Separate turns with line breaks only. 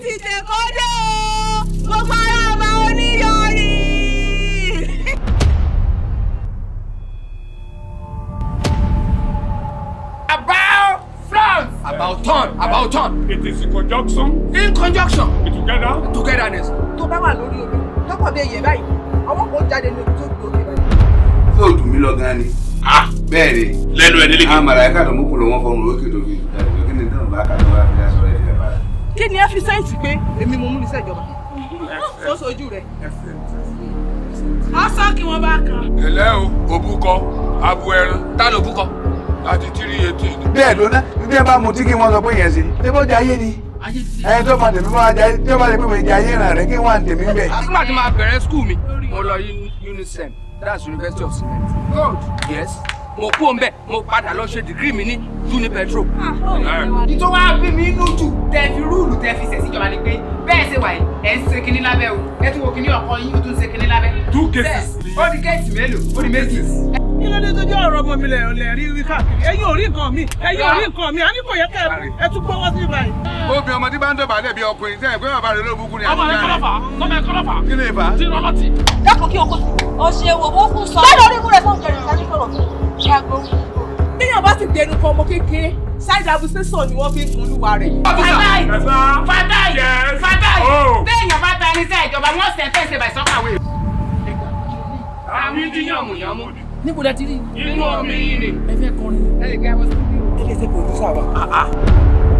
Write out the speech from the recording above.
láti tẹ̀kọ́dé gbogbo ara ọba oníyọrí. about France. about turn about turn. it is in conjunction. in conjunction. It together. togetherness. tó bá wà lórí omi tọkọ bí ẹyẹ báyìí àwọn kan jáde ní ojú tó gbòòrò báyìí. yóò dùn mí lọ gan ni. bẹ́ẹ̀ ni lẹ́nu ẹ̀ nílẹ̀ kí. àmàlà ẹ̀ka àdàmú kò lọ́wọ́ fọmù lókè tó ní sáyẹ̀nsì pé èmi mo mú ní sẹ́jọba ó sojú rẹ̀ ọsọ kí wọ́n bá kan. ẹ̀lẹ́ o òbúkọ abu ẹran tá ló búkọ láti tírí etí ni. bẹ́ẹ̀ ló ná bí ẹ bá mu tí kí wọ́n sọ pé yẹn sí ṣé bó jẹ ayé ni ẹni tó máa tẹ̀mí máa jẹ tó máa lè pè mí jẹ ayé ràn rẹ kí wọ́n à tẹ̀mí bẹ́ẹ̀. nígbà tí màá bẹ̀rẹ̀ skul mi mo lọ unisem that's university of cement. good yes mo kú òun bẹ mo padà lọ ṣe dìgírì mi ní Junipetro. Ah, oh, ìtò wa bí mi inú jù tẹ fi rúùlù tẹ fi ṣẹ̀ síjọba ni pé bẹ́ẹ̀ ṣe wà yìí ẹ̀ ń ṣe kinní lábẹ́ o ẹ tún wo kinní ọkọ yín o tún ṣe kinní lábẹ́. two cases. ó di kéèsì mélòó ó di méjì. kí ló dé tó jẹ́ ọ̀rọ̀ ọmọ mi lẹ̀ ọ̀lẹ̀ rí rí káàkiri ẹ̀yin ò rí nǹkan mi ẹ̀yin ò rí nǹkan mi àní kò yẹ kẹ́ ẹ tún gbọ́wọ́ sí báyìí. obìnrin ọmọdé bá ń dọ̀bálẹ̀ bí ọkùnrin tẹ́ ẹ̀ pé bàbá rẹ̀ ló bukú ni àbúrò rẹ̀. ọmọ ẹ kọlọ́fà ọmọ ẹ kọlọ́fà. kí ni ìfà ṣáàgó wúwo. téèyàn bá sì dẹnu kan ọmọ kékeré ṣáìdà abúsẹ́sọ̀ ni wọ́n fi ń kun olúwa rẹ̀. fàdáì fàdáì fàdáì téèyàn bá ta ẹni sẹ́ ìjọba wọ́n sẹ́ fẹ́ẹ́ ṣe bàì sọ́kàwé. àmì ti yànmù yànmù. níbo la ti rí. inú omi yìí ni. ẹ fẹ́ kọrin. ẹ lè kẹ́ ẹ wọ́n sí. ẹ lè ṣe pòdúsà wa. Ah, ah.